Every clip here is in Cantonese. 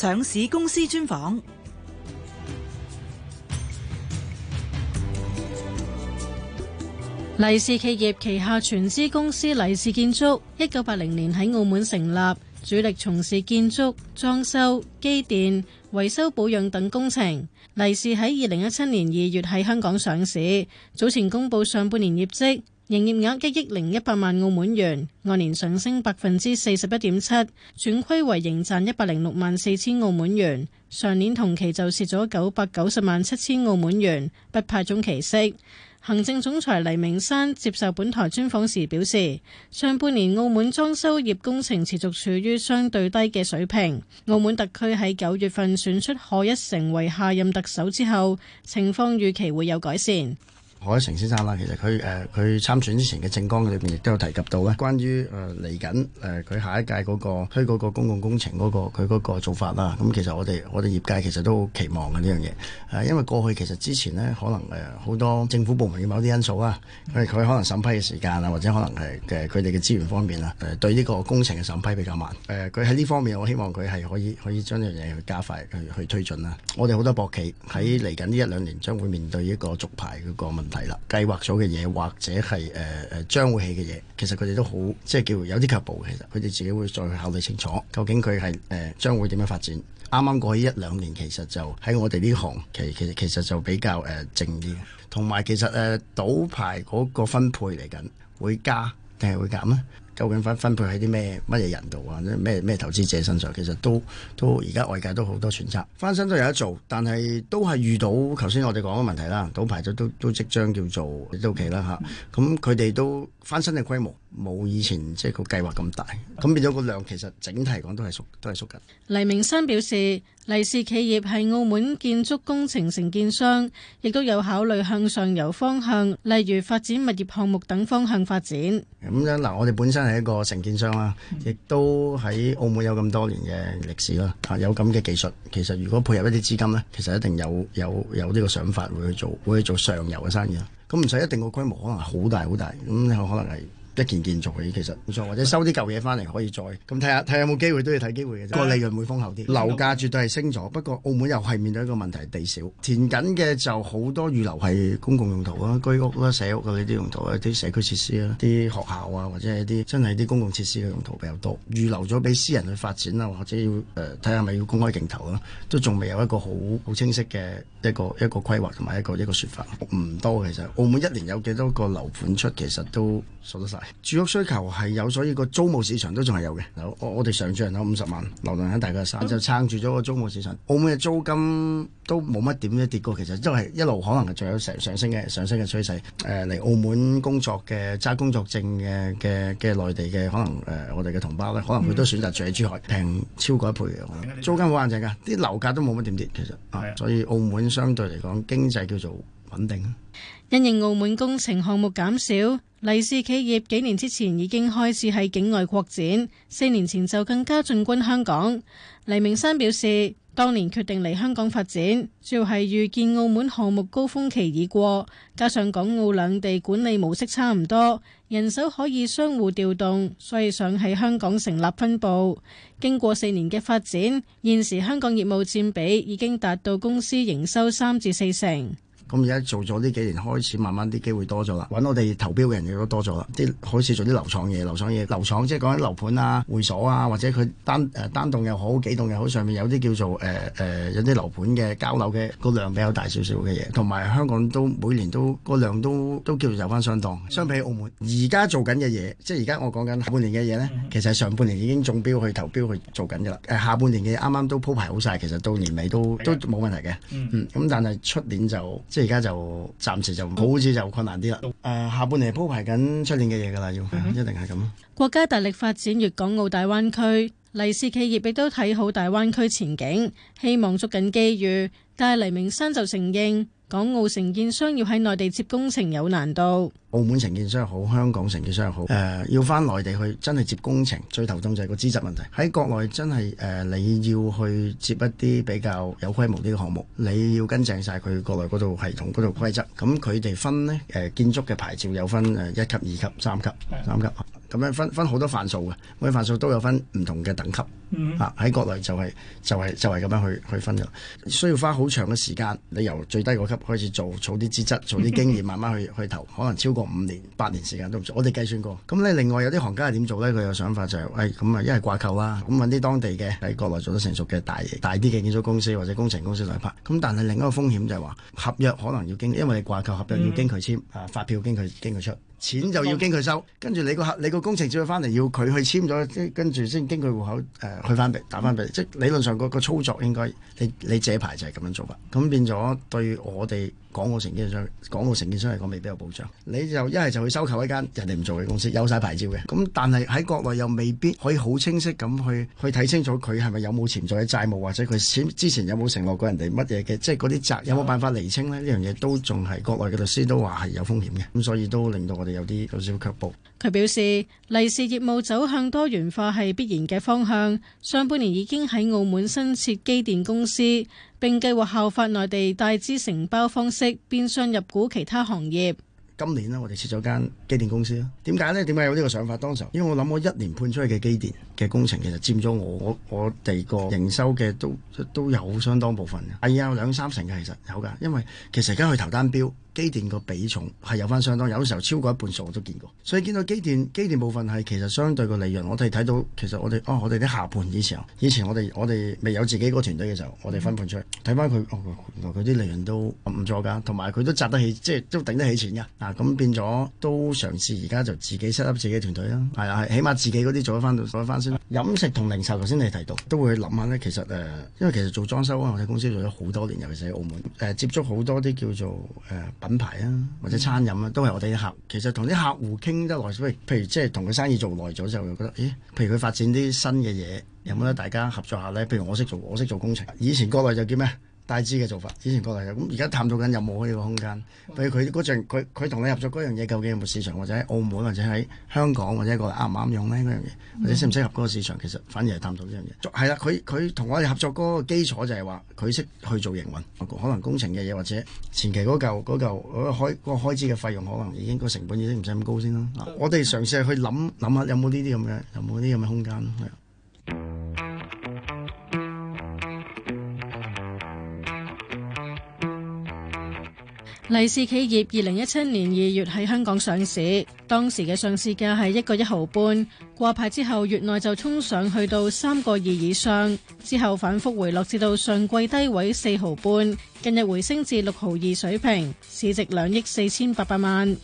上市公司專訪。黎氏企業旗下全資公司黎氏建築，一九八零年喺澳門成立，主力從事建築、裝修、機電、維修保養等工程。黎氏喺二零一七年二月喺香港上市，早前公佈上半年業績。營業額一億零一百萬澳門元，按年上升百分之四十一點七，轉虧為盈賺一百零六萬四千澳門元，上年同期就蝕咗九百九十萬七千澳門元，不派中期息。行政總裁黎鳴山接受本台專訪時表示，上半年澳門裝修業工程持續處於相對低嘅水平，澳門特區喺九月份選出賀一誠成為下任特首之後，情況預期會有改善。海城先生啦，其實佢誒佢參選之前嘅政綱裏邊亦都有提及到咧，關於誒嚟緊誒佢下一屆嗰、那個推嗰個公共工程嗰、那個佢嗰個做法啦。咁其實我哋我哋業界其實都好期望嘅呢樣嘢誒，因為過去其實之前呢，可能誒呃、好多政府部門嘅某啲因素啊，因為佢可能審批嘅時間啊，或者可能誒係佢哋嘅資源方面啊誒、呃，對呢個工程嘅審批比較慢誒。佢喺呢方面我希望佢係可以可以將呢樣嘢去加快去去推進啦、啊。我哋好多博企喺嚟緊呢一兩年將會面對呢個續牌嗰個問題。睇啦，計劃咗嘅嘢或者係誒誒將會起嘅嘢，其實佢哋都好即係叫有啲級步。其實佢哋自己會再考慮清楚，究竟佢係誒將會點樣發展。啱啱過去一兩年，其實就喺我哋呢行，其其實其實就比較誒靜啲。同、呃、埋其實誒賭、啊、牌嗰個分配嚟緊，會加定係會減呢？究竟分分配喺啲咩乜嘢人度啊？咩咩咩投資者身上，其實都都而家外界都好多選擇，翻新都有得做，但係都係遇到頭先我哋講嘅問題啦，賭牌都都都即將叫做到期啦嚇。咁佢哋都翻新嘅規模冇以前即係、就是、個計劃咁大，咁變咗個量其實整體嚟講都係縮都係縮緊。黎鳴山表示。黎氏企業係澳門建築工程承建商，亦都有考慮向上游方向，例如發展物業項目等方向發展。咁樣嗱，我哋本身係一個承建商啦，亦都喺澳門有咁多年嘅歷史啦，嚇、啊、有咁嘅技術。其實如果配合一啲資金咧，其實一定有有有呢個想法會去做，會去做上游嘅生意啦。咁唔使一定個規模，可能好大好大。咁有可能係。一件件做起，其實冇錯，或者收啲舊嘢翻嚟可以再咁睇下，睇下有冇機會都要睇機會嘅。個利潤會豐厚啲。樓價絕對係升咗，不過澳門又係面對一個問題，地少。填緊嘅就好多預留係公共用途啦，居屋啦、社屋啊呢啲用途啊，啲社區設施啦，啲學校啊，或者係啲真係啲公共設施嘅用途比較多。預留咗俾私人去發展啊，或者要誒睇下咪要公開競投啊，都仲未有一個好好清晰嘅一個一個規劃同埋一個一個說法。唔多其實，澳門一年有幾多個樓盤出，其實都數得晒。住屋需求係有，所以個租務市場都仲係有嘅。我我哋上漲咗五十萬，流嚟喺大概三，就撐住咗個租務市場。澳門嘅租金都冇乜點咧跌過，其實都係一路可能係仲有上升上升嘅上升嘅趨勢。誒、呃、嚟澳門工作嘅揸工作證嘅嘅嘅內地嘅可能誒，我哋嘅同胞咧，可能佢、呃、都選擇住喺珠海，平超過一倍嘅租金好硬淨㗎，啲樓價都冇乜點跌，其實，啊、的所以澳門相對嚟講經濟叫做穩定。因應澳門工程項目減少，黎氏企業幾年之前已經開始喺境外擴展，四年前就更加進軍香港。黎明山表示，當年決定嚟香港發展，主要係預見澳門項目高峰期已過，加上港澳兩地管理模式差唔多，人手可以相互調動，所以想喺香港成立分部。經過四年嘅發展，現時香港業務佔比已經達到公司營收三至四成。咁而家做咗呢幾年開慢慢，開始慢慢啲機會多咗啦，揾我哋投標嘅人亦都多咗啦。啲開始做啲樓廠嘢，樓廠嘢樓廠，即係講緊樓盤啊、會所啊，或者佢單誒、呃、單棟又好，幾棟又好，上面有啲叫做誒誒、呃呃、有啲樓盤嘅交樓嘅、個量比較大少少嘅嘢。同埋香港都每年都、個量都都叫做有翻相當，相比澳門。而家做緊嘅嘢，即係而家我講緊下半年嘅嘢呢，其實上半年已經中標去投標去做緊噶啦。下半年嘅嘢啱啱都鋪排好晒，其實到年尾都都冇問題嘅。咁、嗯、但係出年就。而家就暫時就好似就困難啲啦。誒、呃，下半年鋪排緊出年嘅嘢噶啦，要、mm hmm. 一定係咁。國家大力發展粵港澳大灣區，黎氏企業亦都睇好大灣區前景，希望捉緊機遇。但係黎鳴山就承認。港澳承建商要喺內地接工程有難度。澳門承建商又好，香港承建商又好，誒、呃、要翻內地去真係接工程，最頭痛就係個資質問題。喺國內真係誒、呃，你要去接一啲比較有規模啲嘅項目，你要跟正晒佢國內嗰度系統嗰度規則。咁佢哋分呢誒、呃、建築嘅牌照有分誒一級、二級、三級、嗯、三級。咁樣分分好多範數嘅，每範數都有分唔同嘅等級，嚇喺、嗯啊、國內就係、是、就係、是、就係、是、咁樣去去分嘅。需要花好長嘅時間，你由最低個級開始做，儲啲資質，儲啲經驗，慢慢去去投，可能超過五年、八年時間都唔做。我哋計算過。咁咧，另外有啲行家係點做呢？佢有想法就係、是，喂、哎，咁啊，一係掛購啦，咁揾啲當地嘅喺國內做得成熟嘅大大啲嘅建築公司或者工程公司嚟拍。咁但係另一個風險就係話，合約可能要經，因為你掛購合約要經佢簽，嗯、啊發票要經佢經佢出。錢就要經佢收，跟住、嗯、你個客你個工程只要翻嚟，要佢去簽咗，跟跟住先經佢戶口誒、呃、去翻畀打翻畀，即係理論上個操作應該你你借牌就係咁樣做法，咁變咗對我哋。港澳承建商，港澳承建商嚟講未必有保障。你就一係就去收購一間人哋唔做嘅公司，有晒牌照嘅。咁但係喺國內又未必可以好清晰咁去去睇清楚佢係咪有冇潛在嘅債務，或者佢之前有冇承諾過人哋乜嘢嘅，即係嗰啲責有冇辦法釐清呢？呢樣嘢都仲係國內嘅律師都話係有風險嘅。咁所以都令到我哋有啲少少卻步。佢表示，黎氏業務走向多元化係必然嘅方向。上半年已經喺澳門新設機電公司，並計劃效法內地帶資承包方式，變相入股其他行業。今年呢，我哋設咗間機電公司啦。點解呢？點解有呢個想法？當時因為我諗我一年判出去嘅機電。嘅工程其實佔咗我我我哋個營收嘅都都有相當部分嘅，係啊兩三成嘅其實有噶，因為其實而家佢投單標機電個比重係有翻相當，有啲時候超過一半數我都見過，所以見到機電機電部分係其實相對個利潤，我哋睇到其實我哋哦、啊、我哋啲下判以前，以前我哋我哋未有自己嗰個團隊嘅時候，我哋分判出去，去睇翻佢哦，佢啲利潤都唔錯噶，同埋佢都紮得起，即係都頂得起錢㗎。嗱、啊、咁變咗都嘗試而家就自己 set up 自己團隊啦，係啊係，起碼自己嗰啲做得翻到翻。飲食同零售，頭先你提到都會去諗下咧。其實誒、呃，因為其實做裝修啊，我哋公司做咗好多年，尤其是喺澳門誒、呃，接觸好多啲叫做誒、呃、品牌啊，或者餐飲啊，都係我哋啲客。其實同啲客戶傾得耐，譬如即係同佢生意做耐咗，之後就會覺得咦，譬如佢發展啲新嘅嘢，有冇得大家合作下咧？譬如我識做，我識做工程，以前國內就叫咩？大資嘅做法，以前過嚟嘅，咁而家探討緊有冇呢個空間？哇譬如佢嗰陣，佢佢同你合作嗰樣嘢，究竟有冇市場，或者喺澳門，或者喺香港，或者、嗰個啱唔啱用呢？嗰樣嘢，嗯、或者適唔適合嗰個市場，其實反而係探討呢樣嘢。係啦，佢佢同我哋合作嗰個基礎就係話，佢識去做營運，可能工程嘅嘢，或者前期嗰嚿嗰嚿開個開支嘅費用，可能已經個成本已經唔使咁高先啦。嗯、我哋嘗試去諗諗下有有，有冇呢啲咁嘅，有冇啲咁嘅空間。黎氏企業二零一七年二月喺香港上市，當時嘅上市價係一個一毫半，掛牌之後月內就衝上去到三個二以上，之後反覆回落至到上季低位四毫半，近日回升至六毫二水平，市值兩億四千八百萬。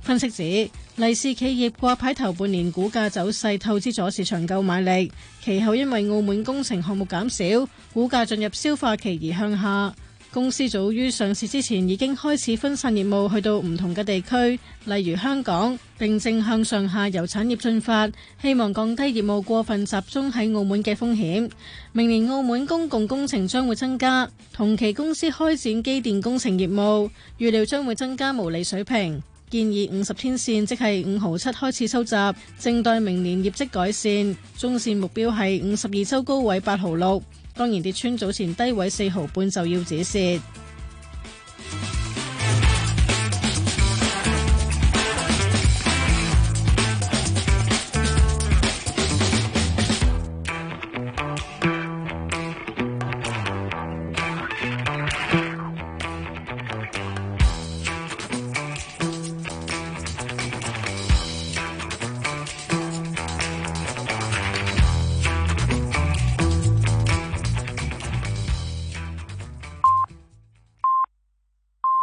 分析指，黎氏企業掛牌頭半年股價走勢透支咗市場購買力，其後因為澳門工程項目減少，股價進入消化期而向下。公司早於上市之前已經開始分散業務去到唔同嘅地區，例如香港，並正向上下游產業進發，希望降低業務過分集中喺澳門嘅風險，明年澳門公共工程將會增加，同期公司開展機電工程業務，預料將會增加毛利水平。建議五十天線即係五毫七開始收集，正待明年業績改善，中線目標係五十二周高位八毫六。當然，跌穿早前低位四毫半就要止蝕。